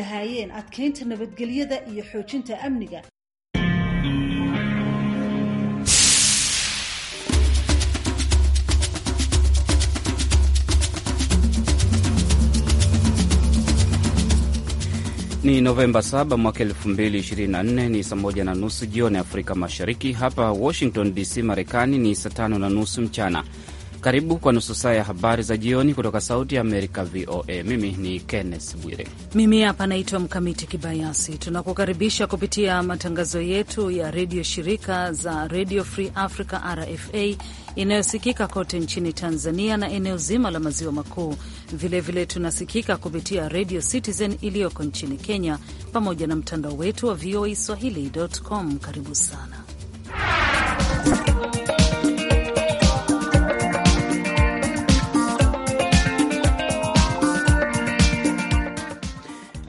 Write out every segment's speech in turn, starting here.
lahaayeen adkeynta nabadgelyada iyo xoojinta amniga. Ni Novemba 7 mwaka 2024, ni saa moja na nusu jioni Afrika Mashariki. Hapa Washington DC, Marekani ni saa tano na nusu mchana. Karibu kwa nusu saa ya habari za jioni kutoka Sauti ya Amerika, VOA. Mimi ni Kenneth Bwire. Mimi hapa naitwa Mkamiti Kibayasi. Tunakukaribisha kupitia matangazo yetu ya redio shirika za Radio Free Africa, RFA, inayosikika kote nchini Tanzania na eneo zima la maziwa makuu. Vilevile tunasikika kupitia Radio Citizen iliyoko nchini Kenya, pamoja na mtandao wetu wa VOA swahili.com. Karibu sana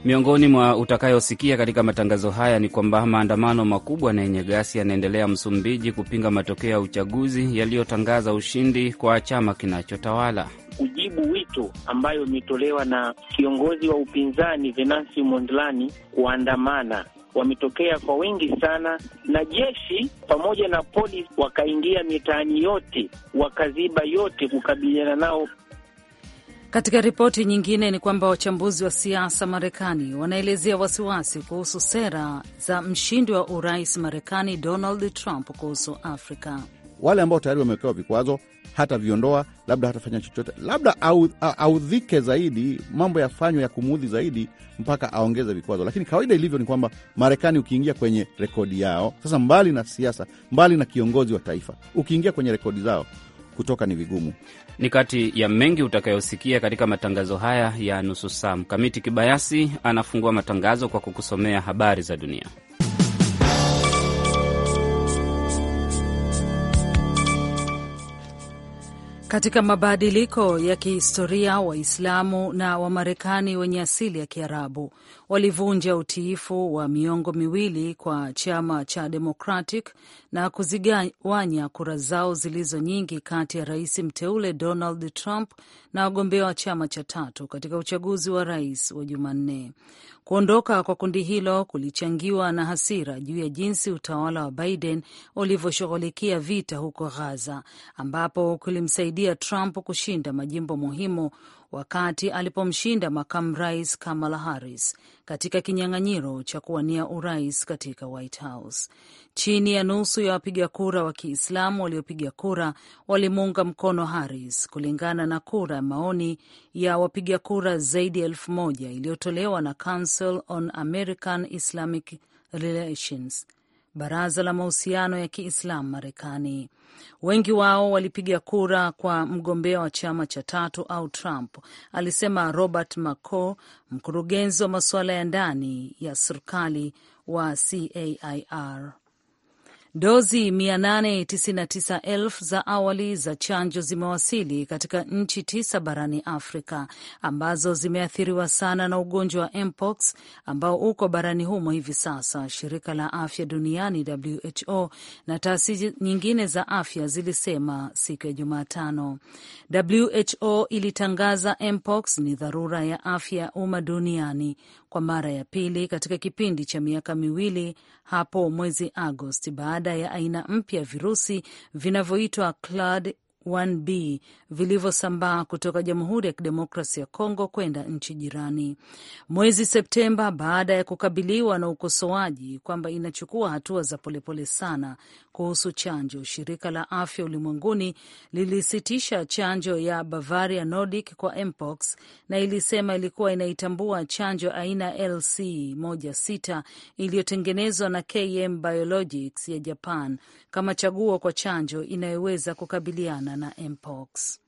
Miongoni mwa utakayosikia katika matangazo haya ni kwamba maandamano makubwa na yenye gasi yanaendelea Msumbiji kupinga matokeo ya uchaguzi yaliyotangaza ushindi kwa chama kinachotawala kujibu wito ambayo imetolewa na kiongozi wa upinzani Venancio Mondlane kuandamana wametokea kwa wingi sana, na jeshi pamoja na polisi wakaingia mitaani yote, wakaziba yote kukabiliana nao. Katika ripoti nyingine ni kwamba wachambuzi wa siasa Marekani wanaelezea wasiwasi kuhusu sera za mshindi wa urais Marekani Donald Trump kuhusu Afrika. Wale ambao tayari wamewekewa vikwazo hataviondoa, labda hatafanya chochote, labda audhike au zaidi, mambo yafanywe ya kumuudhi zaidi mpaka aongeze vikwazo. Lakini kawaida ilivyo ni kwamba Marekani, ukiingia kwenye rekodi yao sasa, mbali na siasa, mbali na kiongozi wa taifa, ukiingia kwenye rekodi zao kutoka ni vigumu. Ni kati ya mengi utakayosikia katika matangazo haya ya nusu saa. Mkamiti Kibayasi anafungua matangazo kwa kukusomea habari za dunia. Katika mabadiliko ya kihistoria Waislamu na Wamarekani wenye asili ya Kiarabu walivunja utiifu wa miongo miwili kwa chama cha Democratic na kuzigawanya kura zao zilizo nyingi kati ya rais mteule Donald Trump na wagombea wa chama cha tatu katika uchaguzi wa rais wa Jumanne. Kuondoka kwa kundi hilo kulichangiwa na hasira juu ya jinsi utawala wa Biden ulivyoshughulikia vita huko Gaza, ambapo kulimsaidia Trump kushinda majimbo muhimu wakati alipomshinda makamu rais Kamala Harris katika kinyang'anyiro cha kuwania urais katika White House. Chini ya nusu ya wapiga kura wa Kiislamu waliopiga kura walimuunga mkono Harris, kulingana na kura ya maoni ya wapiga kura zaidi ya elfu moja iliyotolewa na Council on American Islamic Relations. Baraza la Mahusiano ya Kiislamu Marekani. Wengi wao walipiga kura kwa mgombea wa chama cha tatu au Trump, alisema Robert maco mkurugenzi wa masuala ya ndani ya serikali wa CAIR. Dozi 899,000 za awali za chanjo zimewasili katika nchi tisa barani Afrika ambazo zimeathiriwa sana na ugonjwa wa mpox ambao uko barani humo hivi sasa. Shirika la afya duniani WHO na taasisi nyingine za afya zilisema siku ya Jumatano. WHO ilitangaza mpox ni dharura ya afya ya umma duniani kwa mara ya pili katika kipindi cha miaka miwili hapo mwezi Agosti baada ya aina mpya ya virusi vinavyoitwa Clade 1B vilivyosambaa kutoka Jamhuri ya Kidemokrasi ya Kongo kwenda nchi jirani mwezi Septemba, baada ya kukabiliwa na ukosoaji kwamba inachukua hatua za polepole sana kuhusu chanjo. Shirika la Afya Ulimwenguni lilisitisha chanjo ya Bavaria Nordic kwa mpox na ilisema ilikuwa inaitambua chanjo aina LC 16 iliyotengenezwa na KM Biologics ya Japan kama chaguo kwa chanjo inayoweza kukabiliana kupambana na mpox.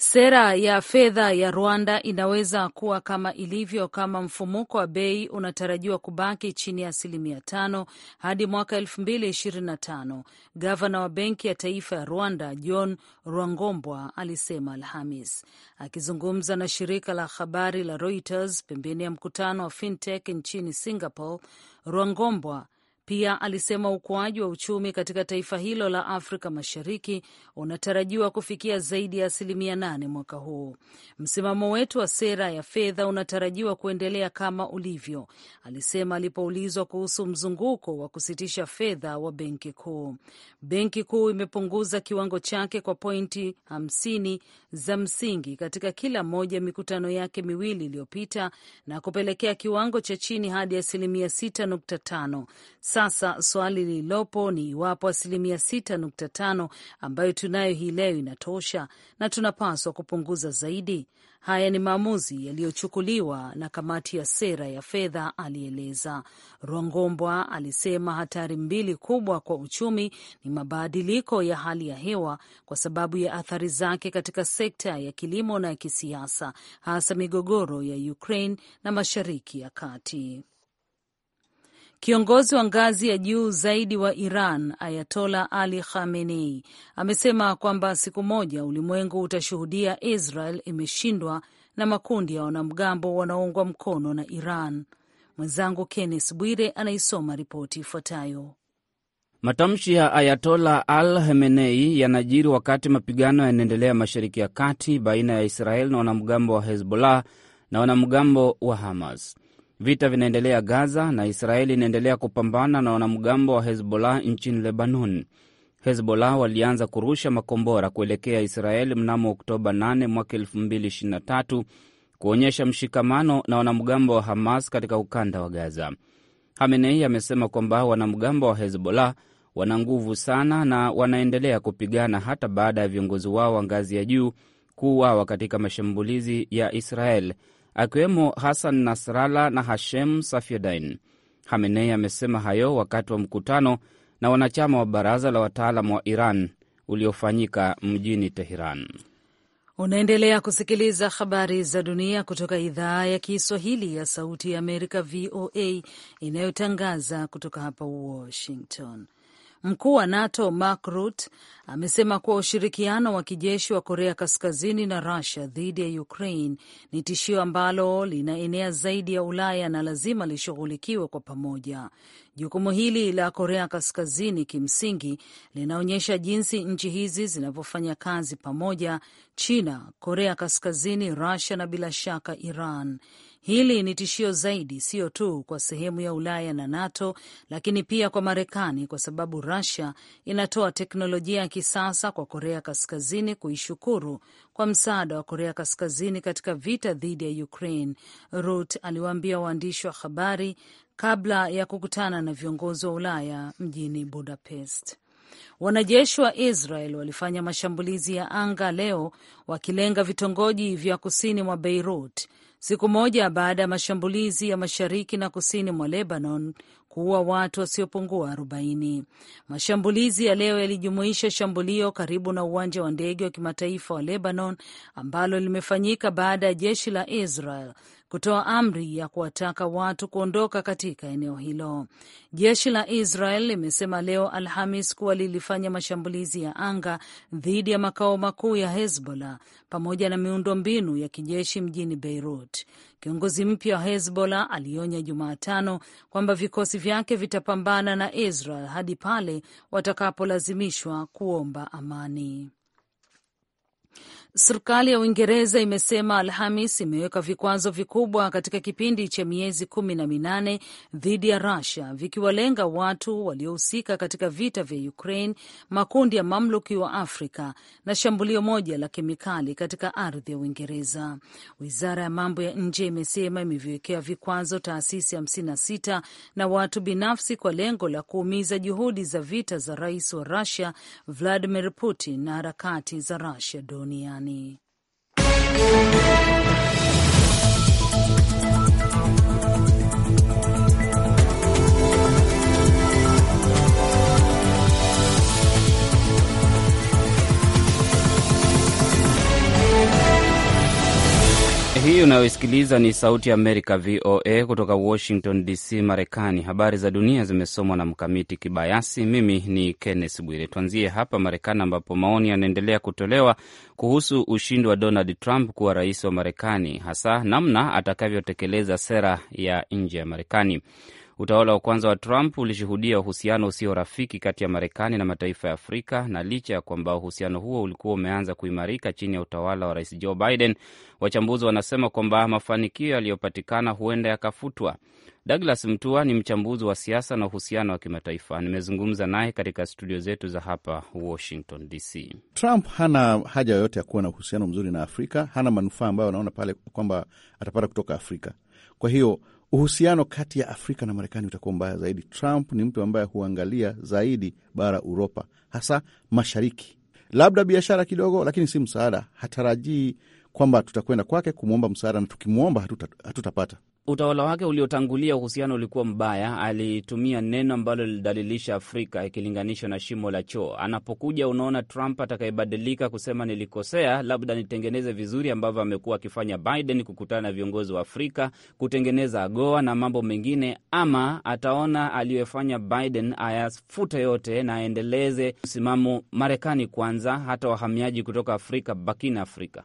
Sera ya fedha ya Rwanda inaweza kuwa kama ilivyo kama mfumuko wa bei unatarajiwa kubaki chini ya asilimia tano hadi mwaka elfu mbili ishirini na tano. Gavana wa Benki ya Taifa ya Rwanda John Rwangombwa alisema Alhamis akizungumza na shirika la habari la Reuters pembeni ya mkutano wa fintech nchini Singapore. Rwangombwa pia alisema ukuaji wa uchumi katika taifa hilo la Afrika Mashariki unatarajiwa kufikia zaidi ya asilimia nane mwaka huu. Msimamo wetu wa sera ya fedha unatarajiwa kuendelea kama ulivyo, alisema alipoulizwa kuhusu mzunguko wa kusitisha fedha wa benki kuu. Benki kuu imepunguza kiwango chake kwa pointi hamsini za msingi katika kila moja mikutano yake miwili iliyopita na kupelekea kiwango cha chini hadi asilimia sita nukta tano. Sasa swali lililopo ni iwapo asilimia 65 ambayo tunayo hii leo inatosha na tunapaswa kupunguza zaidi. Haya ni maamuzi yaliyochukuliwa na kamati ya sera ya fedha, alieleza Rwangombwa. Alisema hatari mbili kubwa kwa uchumi ni mabadiliko ya hali ya hewa kwa sababu ya athari zake katika sekta ya kilimo na ya kisiasa, hasa migogoro ya Ukraine na Mashariki ya Kati. Kiongozi wa ngazi ya juu zaidi wa Iran Ayatola Ali Khamenei amesema kwamba siku moja ulimwengu utashuhudia Israel imeshindwa na makundi ya wanamgambo wanaoungwa mkono na Iran. Mwenzangu kennes Bwire anaisoma ripoti ifuatayo. Matamshi ya Ayatola Al Hemenei yanajiri wakati mapigano yanaendelea Mashariki ya Kati baina ya Israel na wanamgambo wa Hezbollah na wanamgambo wa Hamas. Vita vinaendelea Gaza na Israeli inaendelea kupambana na wanamgambo wa Hezbollah nchini Lebanon. Hezbollah walianza kurusha makombora kuelekea Israeli mnamo Oktoba 8 mwaka 2023 kuonyesha mshikamano na wanamgambo wa Hamas katika ukanda wa Gaza. Hamenei amesema kwamba wanamgambo wa Hezbollah wana nguvu sana na wanaendelea kupigana hata baada ya viongozi wao wa ngazi ya juu kuuawa katika mashambulizi ya Israel akiwemo Hassan Nasrallah na Hashem safiedain Hamenei amesema hayo wakati wa mkutano na wanachama wa baraza la wataalam wa Iran uliofanyika mjini Teheran. Unaendelea kusikiliza habari za dunia kutoka idhaa ya Kiswahili ya Sauti ya Amerika, VOA, inayotangaza kutoka hapa Washington. Mkuu wa NATO Mark Rutte amesema kuwa ushirikiano wa kijeshi wa Korea Kaskazini na Rusia dhidi ya Ukraine ni tishio ambalo linaenea zaidi ya Ulaya na lazima lishughulikiwe kwa pamoja. Jukumu hili la Korea Kaskazini kimsingi linaonyesha jinsi nchi hizi zinavyofanya kazi pamoja: China, Korea Kaskazini, Rusia na bila shaka Iran. Hili ni tishio zaidi, sio tu kwa sehemu ya Ulaya na NATO, lakini pia kwa Marekani, kwa sababu Russia inatoa teknolojia ya kisasa kwa Korea Kaskazini kuishukuru kwa msaada wa Korea Kaskazini katika vita dhidi ya Ukraine, rut aliwaambia waandishi wa habari kabla ya kukutana na viongozi wa Ulaya mjini Budapest. Wanajeshi wa Israel walifanya mashambulizi ya anga leo wakilenga vitongoji vya kusini mwa Beirut siku moja baada ya mashambulizi ya mashariki na kusini mwa Lebanon kuua watu wasiopungua 40. Mashambulizi ya leo yalijumuisha shambulio karibu na uwanja wa ndege wa kimataifa wa Lebanon ambalo limefanyika baada ya jeshi la Israel kutoa amri ya kuwataka watu kuondoka katika eneo hilo. Jeshi la Israel limesema leo Alhamis kuwa lilifanya mashambulizi ya anga dhidi ya makao makuu ya Hezbollah pamoja na miundombinu ya kijeshi mjini Beirut. Kiongozi mpya wa Hezbollah alionya Jumatano kwamba vikosi vyake vitapambana na Israel hadi pale watakapolazimishwa kuomba amani. Serikali ya Uingereza imesema Alhamis imeweka vikwazo vikubwa katika kipindi cha miezi kumi na minane dhidi ya Rusia, vikiwalenga watu waliohusika katika vita vya Ukraine, makundi ya mamluki wa Afrika na shambulio moja la kemikali katika ardhi ya Uingereza. Wizara ya mambo ya nje imesema imeviwekea vikwazo taasisi sita na watu binafsi kwa lengo la kuumiza juhudi za vita za rais wa Rusia Vladimir Putin na harakati za Rusia duniani. Marekani. Hii unayoisikiliza ni Sauti ya Amerika, VOA, kutoka Washington DC, Marekani. Habari za dunia zimesomwa na Mkamiti Kibayasi. Mimi ni Kenneth Bwire. Tuanzie hapa Marekani, ambapo maoni yanaendelea kutolewa kuhusu ushindi wa Donald Trump kuwa rais wa Marekani, hasa namna atakavyotekeleza sera ya nje ya Marekani. Utawala wa kwanza wa Trump ulishuhudia uhusiano usio rafiki kati ya Marekani na mataifa ya Afrika, na licha ya kwamba uhusiano huo ulikuwa umeanza kuimarika chini ya utawala wa Rais Joe Biden, wachambuzi wanasema kwamba mafanikio yaliyopatikana huenda yakafutwa. Douglas Mtua ni mchambuzi wa siasa na uhusiano wa kimataifa. Nimezungumza naye katika studio zetu za hapa Washington DC. Trump hana haja yoyote ya kuwa na uhusiano mzuri na Afrika, hana manufaa ambayo anaona pale kwamba atapata kutoka Afrika. Kwa hiyo uhusiano kati ya Afrika na Marekani utakuwa mbaya zaidi. Trump ni mtu ambaye huangalia zaidi bara Uropa, hasa mashariki, labda biashara kidogo, lakini si msaada. Hatarajii kwamba tutakwenda kwake kumwomba msaada, na tukimwomba hatuta, hatutapata utawala wake uliotangulia uhusiano ulikuwa mbaya. Alitumia neno ambalo lilidalilisha Afrika ikilinganishwa na shimo la choo. Anapokuja unaona Trump atakayebadilika kusema nilikosea, labda nitengeneze vizuri, ambavyo amekuwa akifanya Biden, kukutana na viongozi wa Afrika, kutengeneza AGOA na mambo mengine, ama ataona aliyofanya Biden ayafuta yote na aendeleze msimamo Marekani kwanza, hata wahamiaji kutoka Afrika bakina Afrika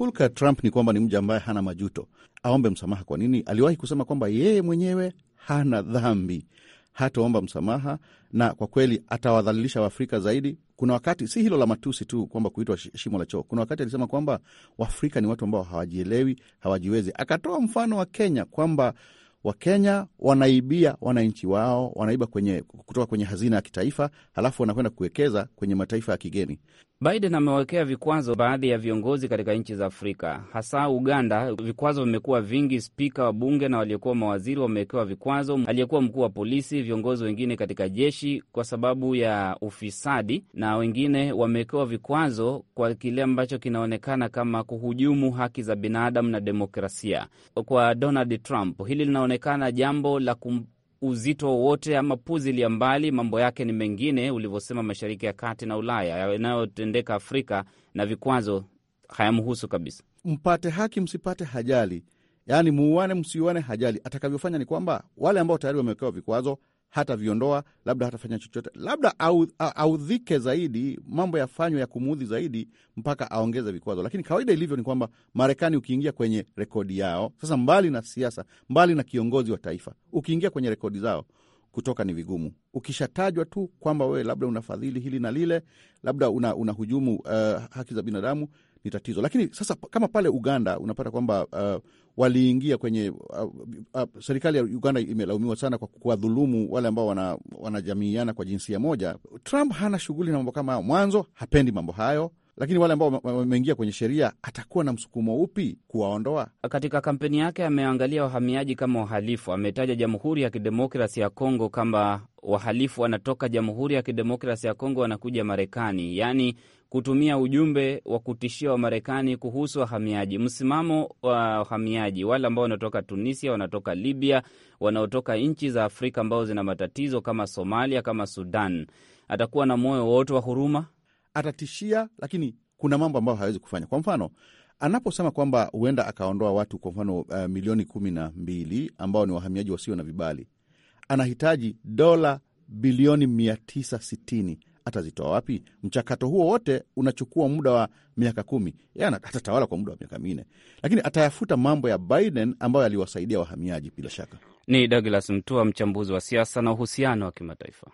hulka Trump ni kwamba ni mja ambaye hana majuto, aombe msamaha. Kwa nini? Aliwahi kusema kwamba yeye mwenyewe hana dhambi, hataomba msamaha, na kwa kweli atawadhalilisha Waafrika zaidi. Kuna wakati si hilo la matusi tu kwamba kuitwa shimo la choo, kuna wakati alisema kwamba Waafrika ni watu ambao hawajielewi, hawajiwezi. Akatoa mfano wa Kenya kwamba Wakenya wanaibia wananchi wao, wanaiba kwenye, kutoka kwenye hazina ya kitaifa, halafu wanakwenda kuwekeza kwenye mataifa ya kigeni. Biden amewekea vikwazo baadhi ya viongozi katika nchi za Afrika, hasa Uganda. Vikwazo vimekuwa vingi, spika wa bunge na waliokuwa mawaziri wamewekewa vikwazo, aliyekuwa mkuu wa polisi, viongozi wengine katika jeshi kwa sababu ya ufisadi, na wengine wamewekewa vikwazo kwa kile ambacho kinaonekana kama kuhujumu haki za binadamu na demokrasia kwa Donald Trump. Hili lina kuonekana jambo la kum uzito wowote ama puzilia mbali, mambo yake ni mengine, ulivyosema Mashariki ya Kati na Ulaya, yanayotendeka Afrika na vikwazo hayamhusu kabisa. Mpate haki msipate hajali, yaani muuane msiuane hajali. Atakavyofanya ni kwamba wale ambao tayari wamewekewa vikwazo hata viondoa labda hatafanya chochote, labda audhike zaidi, mambo yafanywe ya kumuudhi zaidi mpaka aongeze vikwazo. Lakini kawaida ilivyo ni kwamba Marekani, ukiingia kwenye rekodi yao sasa, mbali na siasa, mbali na kiongozi wa taifa, ukiingia kwenye rekodi zao kutoka ni vigumu. Ukishatajwa tu kwamba wewe labda unafadhili hili na lile, labda unahujumu una uh, haki za binadamu, ni tatizo. Lakini sasa kama pale Uganda unapata kwamba uh, waliingia kwenye uh, uh, uh, serikali ya Uganda imelaumiwa sana kwa kuwadhulumu wale ambao wana, wanajamiiana kwa jinsia moja. Trump hana shughuli na mambo kama hayo, mwanzo hapendi mambo hayo lakini wale ambao wameingia kwenye sheria atakuwa na msukumo upi kuwaondoa? Katika kampeni yake ameangalia wahamiaji kama wahalifu. Ametaja Jamhuri ya Kidemokrasi ya Kongo kama wahalifu, wanatoka Jamhuri ya Kidemokrasi ya Kongo wanakuja Marekani, yaani kutumia ujumbe wa kutishia Wamarekani kuhusu wahamiaji, msimamo wa wahamiaji wale ambao wanatoka Tunisia, wanatoka Libya, wanaotoka nchi za Afrika ambao zina matatizo kama Somalia, kama Sudan. Atakuwa na moyo wote wa huruma? Atatishia, lakini kuna mambo ambayo hawezi kufanya. Kwa mfano anaposema kwamba huenda akaondoa watu kwa mfano uh, milioni kumi na mbili ambao ni wahamiaji wasio na vibali, anahitaji dola bilioni mia tisa sitini atazitoa wapi? Mchakato huo wote unachukua muda wa miaka kumi. Atatawala kwa muda wa miaka minne, lakini atayafuta mambo ya Biden ambayo aliwasaidia wahamiaji. Bila shaka ni Douglas Mtua, mchambuzi wa siasa na uhusiano wa kimataifa.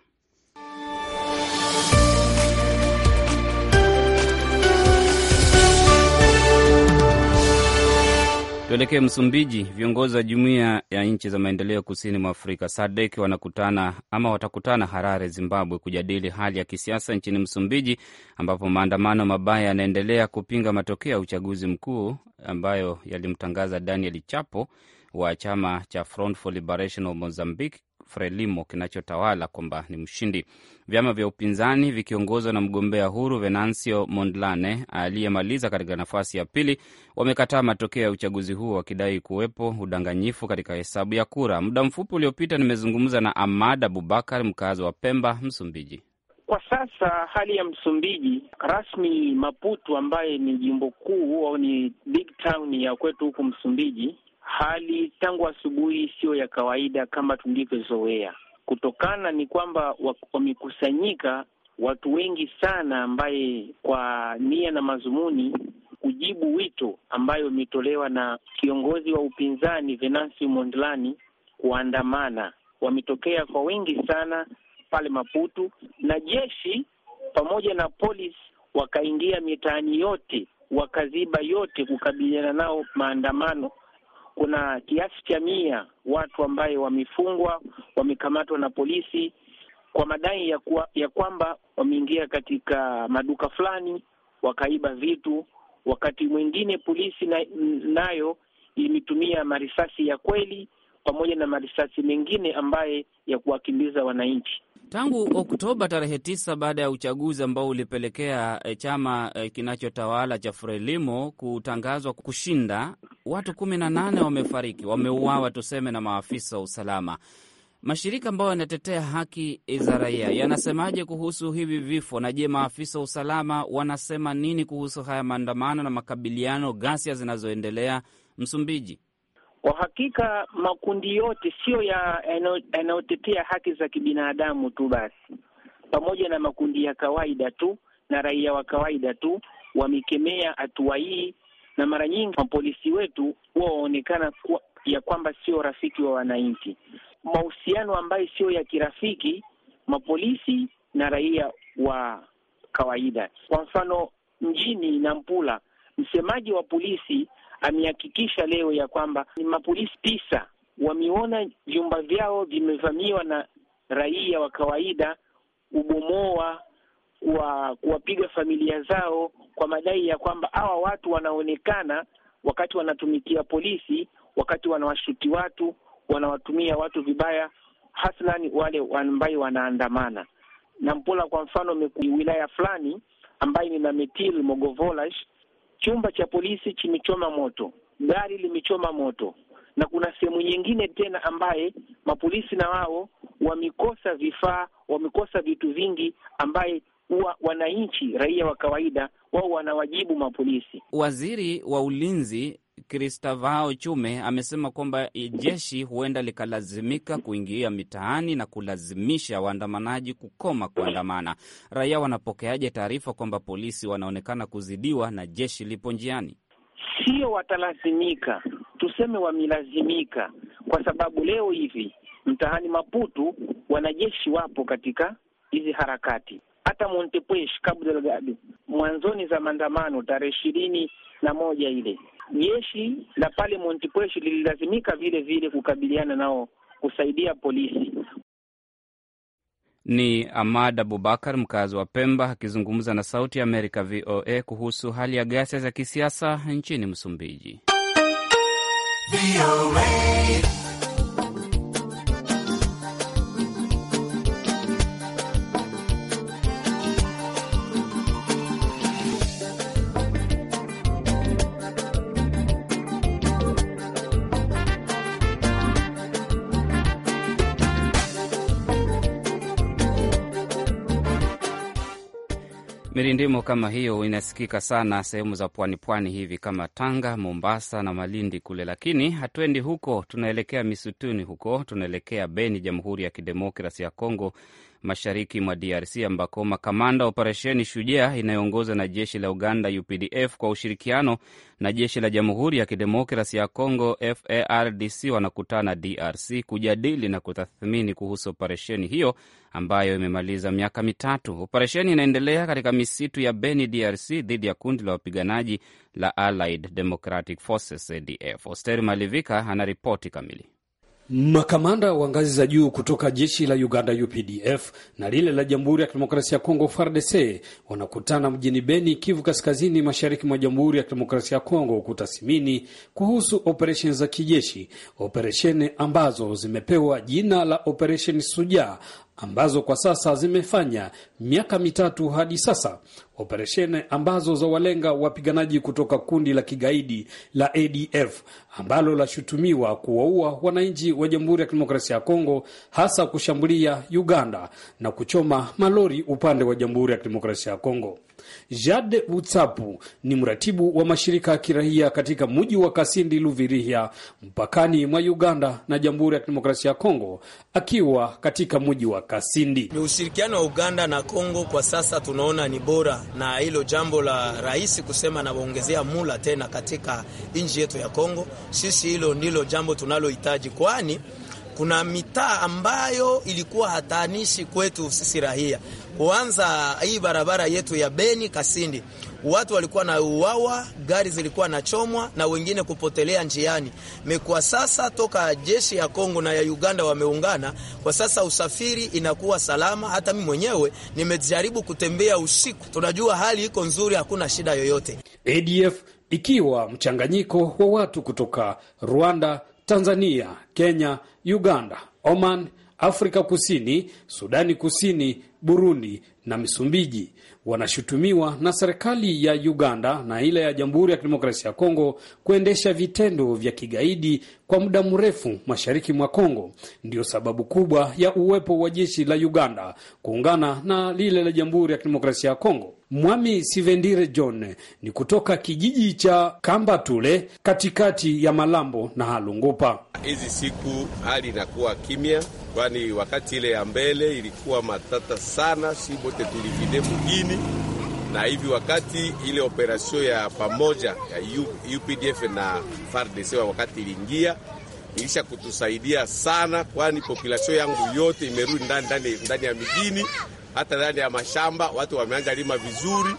Tuelekee Msumbiji. Viongozi wa jumuiya ya nchi za maendeleo kusini mwa Afrika SADC wanakutana ama watakutana Harare, Zimbabwe, kujadili hali ya kisiasa nchini Msumbiji, ambapo maandamano mabaya yanaendelea kupinga matokeo ya uchaguzi mkuu ambayo yalimtangaza Daniel Chapo wa chama cha Front for Liberation of Mozambique Frelimo kinachotawala kwamba ni mshindi. Vyama vya upinzani vikiongozwa na mgombea huru Venancio Mondlane aliyemaliza katika nafasi ya pili wamekataa matokeo ya uchaguzi huo wakidai kuwepo udanganyifu katika hesabu ya kura. Muda mfupi uliopita nimezungumza na amad Abubakar, mkazi wa Pemba, Msumbiji. Kwa sasa hali ya Msumbiji rasmi, Maputo ambaye ni jimbo kuu au ni big town ya kwetu huku Msumbiji, hali tangu asubuhi siyo ya kawaida kama tulivyozoea. Kutokana ni kwamba wamekusanyika watu wengi sana, ambaye kwa nia na mazumuni kujibu wito ambayo umetolewa na kiongozi wa upinzani Venancio Mondlane kuandamana. Wametokea kwa wingi sana pale Maputo, na jeshi pamoja na polisi wakaingia mitaani yote, wakaziba yote kukabiliana nao maandamano kuna kiasi cha mia watu ambaye wamefungwa, wamekamatwa na polisi kwa madai ya, kuwa, ya kwamba wameingia katika maduka fulani wakaiba vitu. Wakati mwingine polisi na, nayo imetumia marisasi ya kweli pamoja na marisasi mengine ambaye ya kuwakimbiza wananchi tangu Oktoba tarehe 9 baada ya uchaguzi ambao ulipelekea eh, chama eh, kinachotawala cha Frelimo kutangazwa kushinda, watu kumi na nane wamefariki, wameuawa tuseme na maafisa wa usalama. Mashirika ambayo yanatetea haki za raia yanasemaje kuhusu hivi vifo? Na je, maafisa wa usalama wanasema nini kuhusu haya maandamano na makabiliano, ghasia zinazoendelea Msumbiji? Kwa hakika makundi yote sio ya yanayotetea haki za kibinadamu tu basi, pamoja na makundi ya kawaida tu na raia wa kawaida tu wamekemea hatua hii, na mara nyingi mapolisi wetu huwa waonekana kwa, ya kwamba sio rafiki wa wananchi. Mahusiano ambayo sio ya kirafiki mapolisi na raia wa kawaida. Kwa mfano mjini Nampula, msemaji wa polisi amehakikisha leo ya kwamba ni mapolisi tisa wameona vyumba vyao vimevamiwa na raia wa kawaida, ubomoa, kuwapiga familia zao kwa madai ya kwamba hawa watu wanaonekana wakati wanatumikia polisi, wakati wanawashuti watu, wanawatumia watu vibaya, haslani wale ambayo wanaandamana na Mpola. Kwa mfano, wilaya fulani ambayo ni Nametil Mogovolash chumba cha polisi kimechoma moto, gari limechoma moto, na kuna sehemu nyingine tena ambaye mapolisi na wao wamekosa vifaa, wamekosa vitu vingi ambaye huwa wananchi raia wa kawaida wao wanawajibu mapolisi. Waziri wa ulinzi Kristavao Chume amesema kwamba jeshi huenda likalazimika kuingia mitaani na kulazimisha waandamanaji kukoma kuandamana. Raia wanapokeaje taarifa kwamba polisi wanaonekana kuzidiwa na jeshi lipo njiani? Sio watalazimika, tuseme wamelazimika, kwa sababu leo hivi mtaani maputu wanajeshi wapo katika hizi harakati. Hata Montepuez Cabo Delgado mwanzoni za maandamano tarehe ishirini na moja ile jeshi la pale Montepuez lililazimika vile vile kukabiliana nao kusaidia polisi. Ni amad Abubakar, mkazi wa Pemba, akizungumza na Sauti ya Amerika VOA kuhusu hali ya ghasia za kisiasa nchini Msumbiji. VOA. Mirindimo kama hiyo inasikika sana sehemu za pwani pwani hivi kama Tanga, Mombasa na Malindi kule, lakini hatuendi huko, tunaelekea misutuni huko, tunaelekea Beni, Jamhuri ya Kidemokrasi ya Kongo mashariki mwa DRC ambako makamanda wa operesheni Shujaa inayoongozwa na jeshi la Uganda UPDF kwa ushirikiano na jeshi la Jamhuri ya Kidemokrasi ya congo FARDC wanakutana DRC kujadili na kutathmini kuhusu operesheni hiyo ambayo imemaliza miaka mitatu. Operesheni inaendelea katika misitu ya Beni, DRC, dhidi ya kundi la wapiganaji la Allied Democratic Forces ADF. Oster Malivika anaripoti kamili. Makamanda wa ngazi za juu kutoka jeshi la Uganda UPDF na lile la Jamhuri ya Kidemokrasia ya Kongo FARDC wanakutana mjini Beni, Kivu Kaskazini, mashariki mwa Jamhuri ya Kidemokrasia ya Kongo kutathmini kuhusu operesheni za kijeshi, operesheni ambazo zimepewa jina la Operesheni Sujaa ambazo kwa sasa zimefanya miaka mitatu hadi sasa, operesheni ambazo zawalenga wapiganaji kutoka kundi la kigaidi la ADF ambalo lashutumiwa kuwaua wananchi wa Jamhuri ya Kidemokrasia ya Kongo, hasa kushambulia Uganda na kuchoma malori upande wa Jamhuri ya Kidemokrasia ya Kongo. Jade Butsapu ni mratibu wa mashirika ya kiraia katika mji wa Kasindi luvirihya mpakani mwa Uganda na Jamhuri ya Kidemokrasia ya Kongo, akiwa katika mji wa Kasindi. Ni ushirikiano wa Uganda na Kongo kwa sasa tunaona ni bora, na hilo jambo la rais kusema nawaongezea mula tena katika nchi yetu ya Kongo, sisi hilo ndilo jambo tunalohitaji, kwani kuna mitaa ambayo ilikuwa hatanishi kwetu sisi rahia, kuanza hii barabara yetu ya Beni Kasindi, watu walikuwa na uwawa, gari zilikuwa na chomwa na wengine kupotelea njiani. Mekuwa sasa toka jeshi ya Kongo na ya Uganda wameungana, kwa sasa usafiri inakuwa salama. Hata mimi mwenyewe nimejaribu kutembea usiku, tunajua hali iko nzuri, hakuna shida yoyote. ADF ikiwa mchanganyiko wa watu kutoka Rwanda, Tanzania, Kenya, Uganda, Oman, Afrika Kusini, Sudani Kusini Burundi na Msumbiji wanashutumiwa na serikali ya Uganda na ile ya Jamhuri ya Kidemokrasia ya Kongo kuendesha vitendo vya kigaidi kwa muda mrefu mashariki mwa Kongo. Ndiyo sababu kubwa ya uwepo wa jeshi la Uganda kuungana na lile la Jamhuri ya Kidemokrasia ya Kongo Mwami Sivendire John ni kutoka kijiji cha kamba tule katikati ya Malambo na Halungupa. Hizi siku hali inakuwa kimya, kwani wakati ile ya mbele ilikuwa matata sana, si bote tulivide mugini na hivi wakati ile operasio ya pamoja ya UPDF na FARDC wakati iliingia ilisha kutusaidia sana, kwani populasion yangu yote imerudi ndani ndani ya mijini hata ndani ya mashamba watu wameanza lima vizuri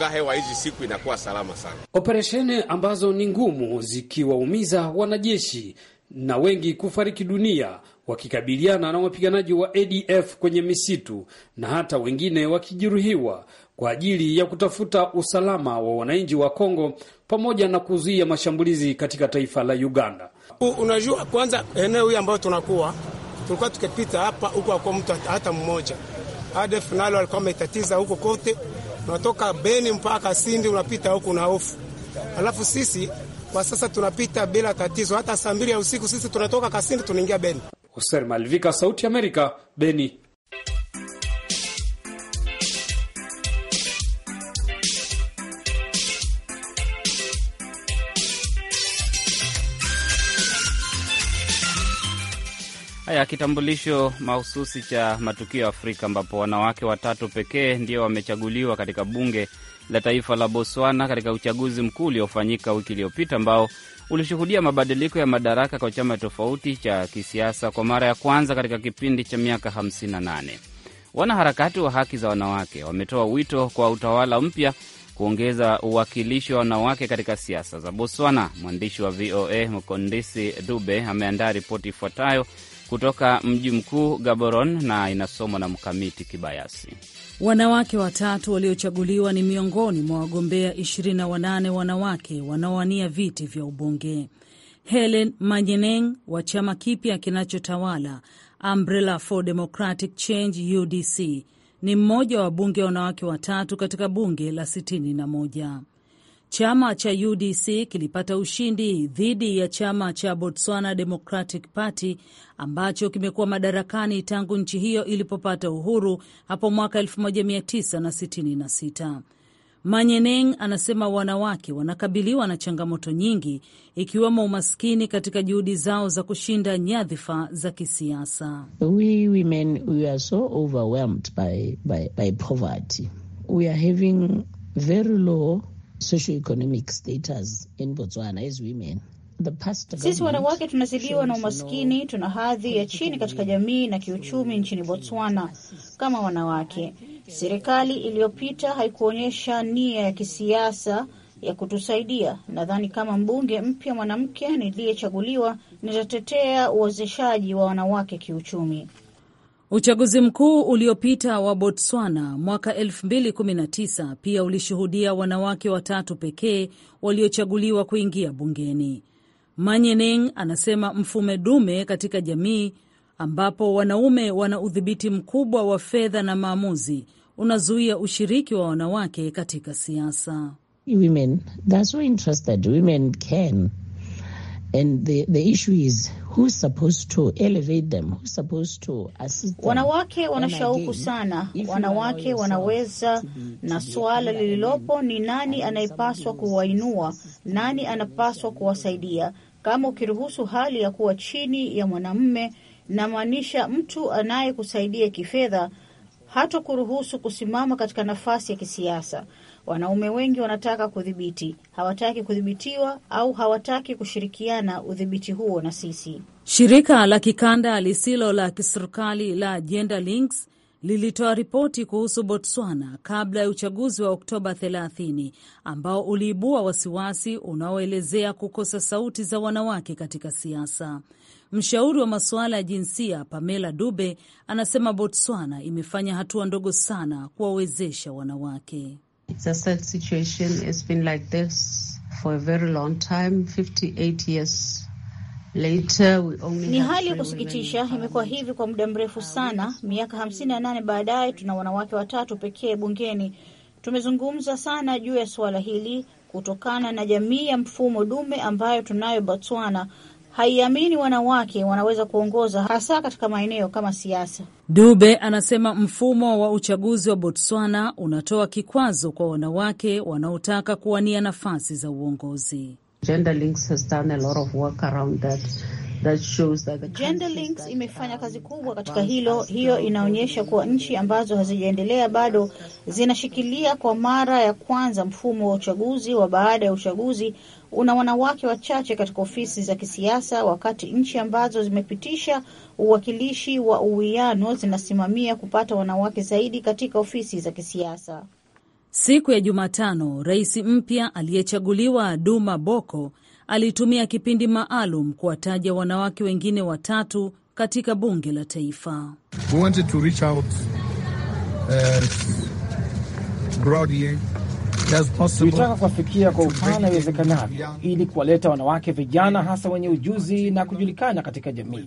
na hewa hizi siku inakuwa salama sana. Operesheni ambazo ni ngumu zikiwaumiza wanajeshi na wengi kufariki dunia wakikabiliana na wapiganaji wa ADF kwenye misitu na hata wengine wakijeruhiwa kwa ajili ya kutafuta usalama wa wananchi wa Kongo pamoja na kuzuia mashambulizi katika taifa la Uganda. Unajua, kwanza eneo hii ambayo tunakuwa tulikuwa tukipita hapa huko, hakuwa mtu hata mmoja ADF nalo alikuwa ametatiza huko kote, unatoka Beni mpaka Sindi unapita huko na hofu. Alafu sisi kwa sasa tunapita bila tatizo, hata saa mbili ya usiku sisi tunatoka Kasindi tunaingia Beni. Hoser Malvika, Sauti Amerika, Beni. Haya, kitambulisho mahususi cha matukio ya Afrika ambapo wanawake watatu pekee ndio wamechaguliwa katika bunge la taifa la Botswana katika uchaguzi mkuu uliofanyika wiki iliyopita ambao ulishuhudia mabadiliko ya madaraka kwa chama tofauti cha kisiasa kwa mara ya kwanza katika kipindi cha miaka 58. Wanaharakati wa haki za wanawake wametoa wito kwa utawala mpya kuongeza uwakilishi wa wanawake katika siasa za Botswana. Mwandishi wa VOA Mkondisi Dube ameandaa ripoti ifuatayo kutoka mji mkuu gaboron na inasomwa na Mkamiti Kibayasi. Wanawake watatu waliochaguliwa ni miongoni mwa wagombea 28 wanawake wanaowania viti vya ubunge. Helen Manyeneng wa chama kipya kinachotawala Umbrella for Democratic Change UDC ni mmoja wa bunge wanawake watatu katika bunge la 61. Chama cha UDC kilipata ushindi dhidi ya chama cha Botswana Democratic Party ambacho kimekuwa madarakani tangu nchi hiyo ilipopata uhuru hapo mwaka 1966. Manyeneng anasema wanawake wanakabiliwa na changamoto nyingi ikiwemo umaskini katika juhudi zao za kushinda nyadhifa za kisiasa. We women, we are so overwhelmed by, by, by poverty. We are having very low socioeconomic status in Botswana as women. Sisi wanawake tunazidiwa na umaskini, tuna hadhi ya chini katika jamii na kiuchumi nchini Botswana. Kama wanawake, serikali iliyopita haikuonyesha nia ya kisiasa ya kutusaidia. Nadhani kama mbunge mpya mwanamke niliyechaguliwa, nitatetea uwezeshaji wa wanawake kiuchumi. Uchaguzi mkuu uliopita wa Botswana mwaka 2019 pia ulishuhudia wanawake watatu pekee waliochaguliwa kuingia bungeni. Manyeneng anasema mfumo dume katika jamii ambapo wanaume wana udhibiti mkubwa wa fedha na maamuzi unazuia ushiriki wa wanawake katika siasa. Women, The, the wanawake wana shauku sana, wanawake wanaweza, na swala lililopo ni nani anayepaswa kuwainua, nani anapaswa kuwasaidia. Kama ukiruhusu hali ya kuwa chini ya mwanamume, namaanisha mtu anayekusaidia kifedha, hata kuruhusu kusimama katika nafasi ya kisiasa Wanaume wengi wanataka kudhibiti, hawataki kudhibitiwa au hawataki kushirikiana udhibiti huo na sisi. Shirika la kikanda lisilo la kiserikali la Gender Links lilitoa ripoti kuhusu Botswana kabla ya uchaguzi wa Oktoba 30 ambao uliibua wasiwasi unaoelezea kukosa sauti za wanawake katika siasa. Mshauri wa masuala ya jinsia Pamela Dube anasema Botswana imefanya hatua ndogo sana kuwawezesha wanawake. It's a sad situation. It's been like this for a very long time, 58 years. Later, we only ni hali ya kusikitisha. Imekuwa hivi kwa muda mrefu sana, miaka 58 baadaye tuna wanawake watatu pekee bungeni. Tumezungumza sana juu ya suala hili kutokana na jamii ya mfumo dume ambayo tunayo Botswana haiamini wanawake wanaweza kuongoza hasa katika maeneo kama siasa. Dube anasema mfumo wa uchaguzi wa Botswana unatoa kikwazo kwa wanawake wanaotaka kuwania nafasi za uongozi. Genderlinks imefanya kazi kubwa katika hilo. Hiyo inaonyesha kuwa nchi ambazo hazijaendelea bado zinashikilia kwa mara ya kwanza mfumo wa uchaguzi wa baada ya uchaguzi una wanawake wachache katika ofisi za kisiasa, wakati nchi ambazo zimepitisha uwakilishi wa uwiano zinasimamia kupata wanawake zaidi katika ofisi za kisiasa. Siku ya Jumatano, rais mpya aliyechaguliwa Duma Boko alitumia kipindi maalum kuwataja wanawake wengine watatu katika bunge la taifa. We wanted to reach out, uh, broadly Tulitaka kuwafikia kwa upana iwezekanavyo ili kuwaleta wanawake vijana, hasa wenye ujuzi na kujulikana katika jamii,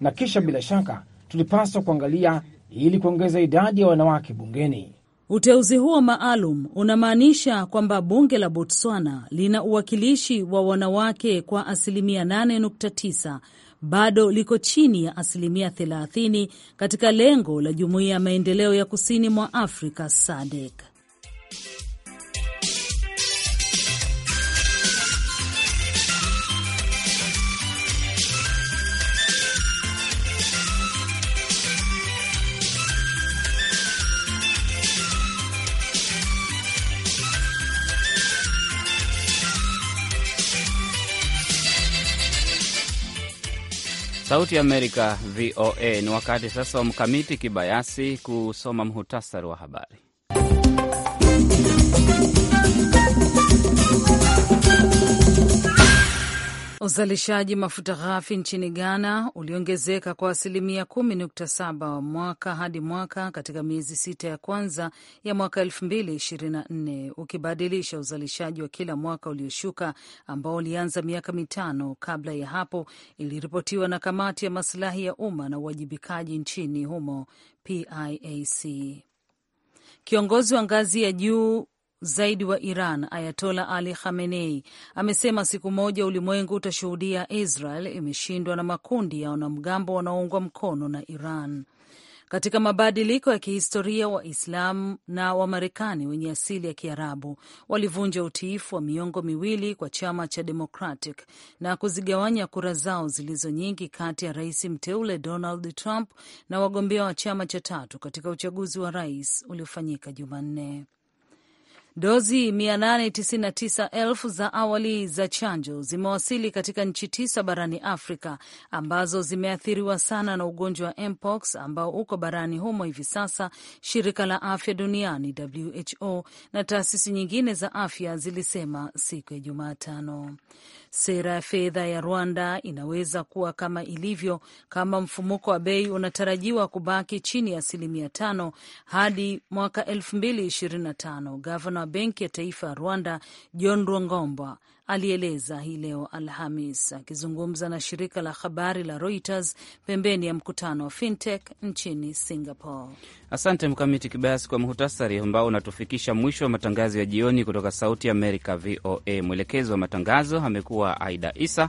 na kisha bila shaka tulipaswa kuangalia ili kuongeza idadi ya wanawake bungeni. Uteuzi huo maalum unamaanisha kwamba bunge la Botswana lina uwakilishi wa wanawake kwa asilimia 8.9, bado liko chini ya asilimia 30 katika lengo la jumuiya ya maendeleo ya kusini mwa Afrika SADC. Sauti Amerika, VOA. Ni wakati sasa wa Mkamiti Kibayasi kusoma mhutasari wa habari. Uzalishaji mafuta ghafi nchini Ghana uliongezeka kwa asilimia 10.7 mwaka hadi mwaka katika miezi sita ya kwanza ya mwaka 2024 ukibadilisha uzalishaji wa kila mwaka ulioshuka ambao ulianza miaka mitano kabla ya hapo, iliripotiwa na kamati ya masilahi ya umma na uwajibikaji nchini humo PIAC. Kiongozi wa ngazi ya juu zaidi wa Iran Ayatola Ali Khamenei amesema siku moja ulimwengu utashuhudia Israel imeshindwa na makundi ya wanamgambo wanaoungwa mkono na Iran. Katika mabadiliko ya kihistoria, Waislamu na Wamarekani wenye asili ya Kiarabu walivunja utiifu wa miongo miwili kwa chama cha Democratic na kuzigawanya kura zao zilizo nyingi kati ya rais mteule Donald Trump na wagombea wa chama cha tatu katika uchaguzi wa rais uliofanyika Jumanne. Dozi 899,000 za awali za chanjo zimewasili katika nchi tisa barani Afrika ambazo zimeathiriwa sana na ugonjwa wa mpox ambao uko barani humo hivi sasa. Shirika la afya duniani WHO na taasisi nyingine za afya zilisema siku ya Jumatano sera ya fedha ya Rwanda inaweza kuwa kama ilivyo, kama mfumuko wa bei unatarajiwa kubaki chini ya asilimia tano hadi mwaka tano. Gavana wa Benki ya Taifa ya Rwanda John Rugomba alieleza hii leo Alhamis akizungumza na shirika la habari la Reuters pembeni ya mkutano wa fintech nchini Singapore. Asante Mkamiti Kibayasi kwa muhtasari ambao unatufikisha mwisho wa matangazo ya jioni kutoka Sauti Amerika, VOA. Mwelekezi wa matangazo amekuwa Aida Isa.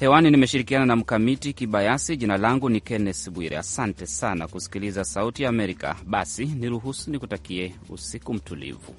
Hewani nimeshirikiana na Mkamiti Kibayasi. Jina langu ni Kenneth Bwire. Asante sana kusikiliza Sauti ya Amerika. Basi niruhusu nikutakie usiku mtulivu.